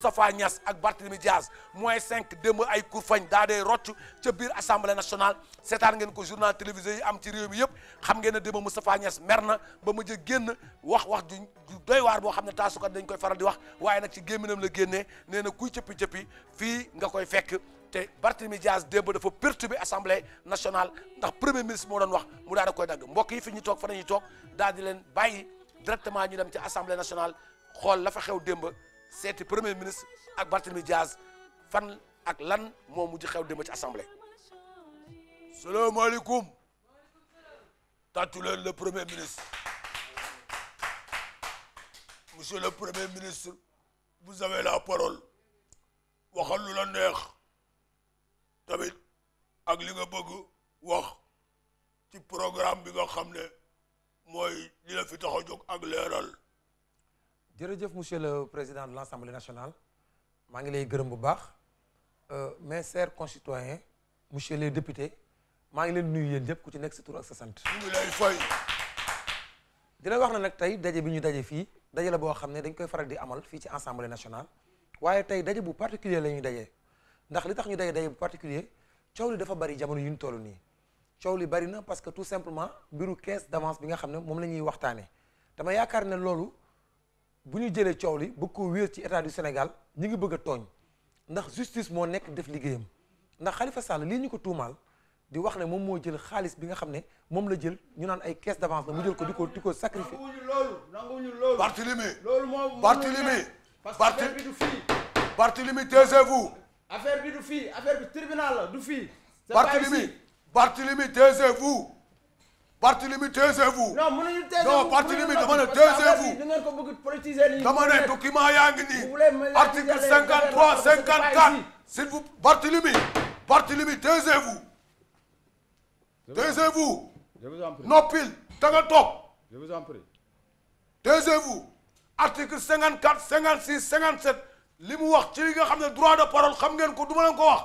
Moustapha Niass ak Barthélemy Diaz moins cinq démb ay kurfañ daa dee rocc ca biir assemblée nationale seetaan ngeen ko journal télévisé yi am ci réew mi yëpp xam ngeen ne démb Moustapha Niass mer na ba mujj a génn wax wax ju doy waar boo xam ne ko dañ koy faral di wax waaye nag ci gémminam la génnee nee na kuy cëppi cëppi fii nga koy fekk te Barthélemy Diaz démb dafa perturbé assemblée nationale ndax premier ministre moo doon wax mu daal da koy dagg mbokk yi fi ñu toog fa nañuy toog daal di leen bàyyi directement ñu dem ci assemblée nationale xool la xew démb seeti premier ministre ak Barthélemy Diaz fan ak lan moo mujj xew démb ci assemblée. salaamaaleykum. tàccu leen le premier ministre. monsieur le premier ministre. vous avez la parole. waxal lu la neex. tamit ak li nga bëgg wax ci programme bi nga xam ne mooy li la fi tax a jóg ak leeral. jërëjëf monsieur le président la l'Assemblée national maa ngi lay gërëm bu baax euh, mais chers concitoyens monsieur les députés maa ngi leen nuyu yéen yëpp ku ci nekk sa tur ak sa sant. ñu lay fay. di wax na nag tey daje bi ñu daje fii daje la boo xam ne dañ koy faral di amal fii ci Assemblée national waaye tey daje bu particulier la ñuy daje ndax li tax ñu daje daje bu particulier coow li dafa bari jamono yu ñu toll nii coow li bari na parce que tout simplement mbiru caisse d'avance bi nga xam ne moom la ñuy waxtaanee dama yaakaar ne loolu. bu ñu jëlee coow li bëgg ko wéer ci état du Sénégal ñu ngi bëgg a tooñ ndax justice moo nekk def liggéeyam ndax Khalifa Sall lii ñu ko tuumaal di wax ne moom moo jël xaalis bi nga xam ne moom la jël ñu naan ay caisse d'avance la mu jël ko di ko di ko sacrifié. nanguwuñu loolu nanguwuñu loolu. Barthélemy loolu moom Barthélemy parce que affaire bi du fii. Barthélemy bi du fii affaire bi tribunal la du fi Barthélemy Barthélemy taisez-vous. Barthélemy taisez-vous. non mënuñu taisez-vous non Barthélemy dama ne taisez-vous. da ngeen ko bëgg politiser nii. dama ne document yaa ngi nii. article cinquante trois cinquante quatre. s'il vous Barthélemy. Barthélemy taisez-vous. taisez-vous. je vous en prie noppil da nga toog. je vous en prie. taisez-vous. article cinquante quatre cinquante six cinquante sept li mu wax ci li nga xam ne droit de parole xam ngeen ko du ma leen ko wax.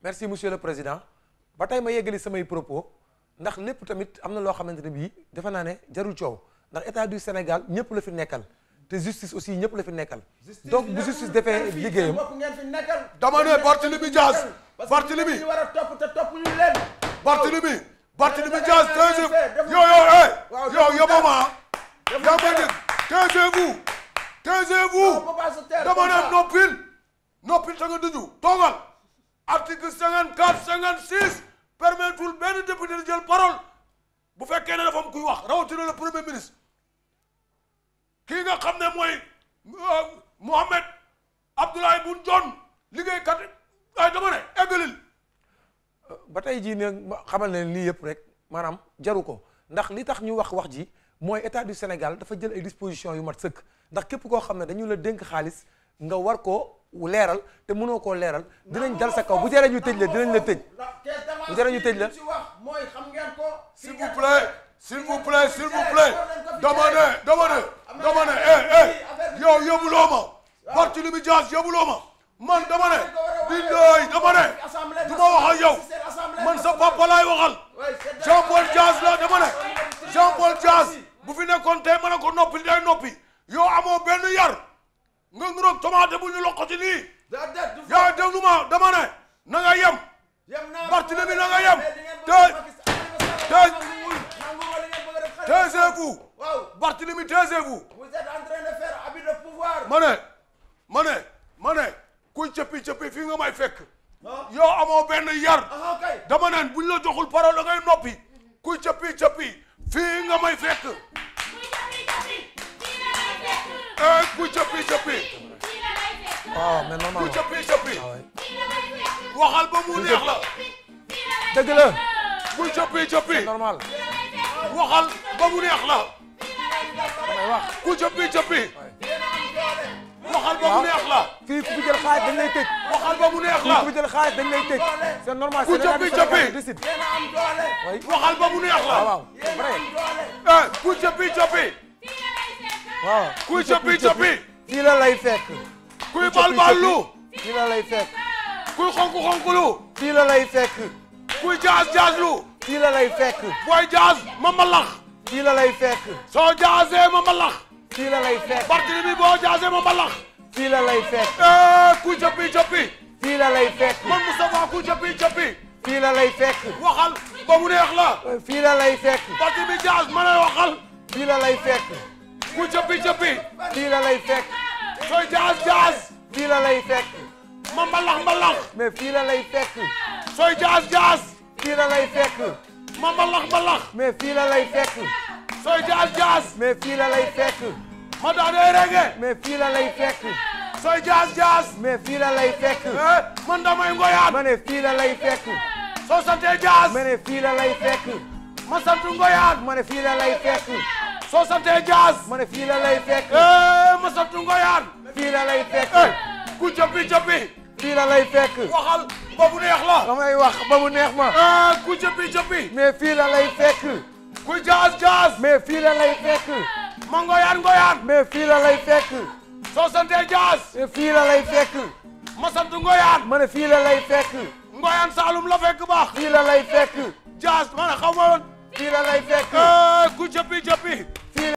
merci monsieur le président. ba tey ma yeggali samay propos ndax lépp tamit am na loo xamante ne bii defe naa ne jarul coow ndax état du Sénégal ñëpp la fi nekkal te justice aussi ñëpp la fi nekkal. donc bu justice defee liggéeyam dama ne Barthélémy Dias. Barthélémy parce que war a topp te topp ñu leen. Barthélémy Barthélémy Dias taisez yow yow eh. yow yaboo ma ah. yaa ma dégg taisez-vous. taisez-vous dama ne noppil noppil permettre benn député di jël parole bu fekkee ne dafa am kuy wax rawatina le premier ministre kii nga xam ne mooy euh, Mohamed Abdoulaye Boun Dionne liggéeykat ay dama ne eggalil ba tey jii ne xamal ne nii yëpp rek maanaam jaru ko ndax li tax ñu wax wax ji mooy état du Sénégal dafa jël ay dispositions yu mat sëkk ndax képp koo xam ne dañu la dénk xaalis nga war koo leeral te mënoo koo leeral dinañ dal sa kaw bu jaree ñu tëj la dinañ la tëj bu tere ñu tëj la. s'il vous plaît s'il vous plaît s'il vous plaît dama ne dama ne dama ne eh eh yow yóbbuloo ma man dama ne billaahi dama ne du ma man sa papa waxal Jean Paul Dias la dama Jean Paul Dias bu fi nekkoon tey mën a ko noppi day yow amoo benn yar nga nuroog tomate bu ñu loqati nii yaa déglu ma dama ne yem. Barthélemy la nga yem tey tey taisez-vous. Barthélemy taisez-vous. vous êtes en train de faire abus de nga may fekk. yow amoo benn yar. dama naan buñ la joxul parole da ngay noppi. kuy cëppi cëppi fii nga may fekk. kuy cëppi cëppi. kuy cëppi cëppi. waxal ba mu neex la. dëgg la. bul coppi coppi. normal. waxal ba mu neex la. wax ku coppi coppi. waxal ba mu neex la. fii ku fi jël xaalis dañ lay tëj. waxal ba mu neex la fii ku fi jël xaalis dañ lay tëj. c'est normal ku coppi coppi. waxal ba mu neex la. waaw vrai. Eh, ku coppi coppi. waaw ku coppi coppi. fii la lay fekk. kuy balballu. fii la lay fekk. kuy xonku xonku lu fii la lay fekk kuy jaas jaas lu fii la lay fekk booy jaas ma mbalax fii la lay fekk soo jaasee ma mbalax fii la lay fekk parti bi boo jaasee ma mbalax fii la lay fekk kuy jëppi jëppi fii la lay fekk man Moustapha kuy jëppi jëppi fii la lay fekk waxal ba mu neex la fii la lay fekk parti bi jaas ma lay waxal fii la lay fekk kuy jëppi jëppi fii la lay fekk sooy jaas jaas fii la lay fekk ma mbalax mbalax. mais fii la lay fekk. sooy jaas jaas. fii la lay fekk. ma mbalax mbalax. mais fii la lay fekk. sooy jaas jaas. mais fii la lay fekk. ma daa doy reggae. mais fii la lay fekk. sooy jaas jaas. mais fii la lay fekk. man damay ngoyaat. ma ne fii la lay fekk. soo santee jaas. ma ne fii la lay fekk. ma sant ngoyaat. ma ne fii la lay fekk. soo santee jaas. ma ne fii la lay fekk. ma sant ngoyaat. fii la lay fekk. ku coppi coppi. fii la lay fekk. waxal ba neex la. damay wax ba bu ah, ku fii la lay fekk. ku jaas jaas. mais fii la lay fekk. ma ngoyaan ngoyaan. mais fii la lay fekk. soo santee fekk. ma sant ngoyaan. ma fii la lay Saalum la fekk baax. fii la fekk. jaas ma ne xaw ma woon. fekk. Ah, ku jëppi jëppi.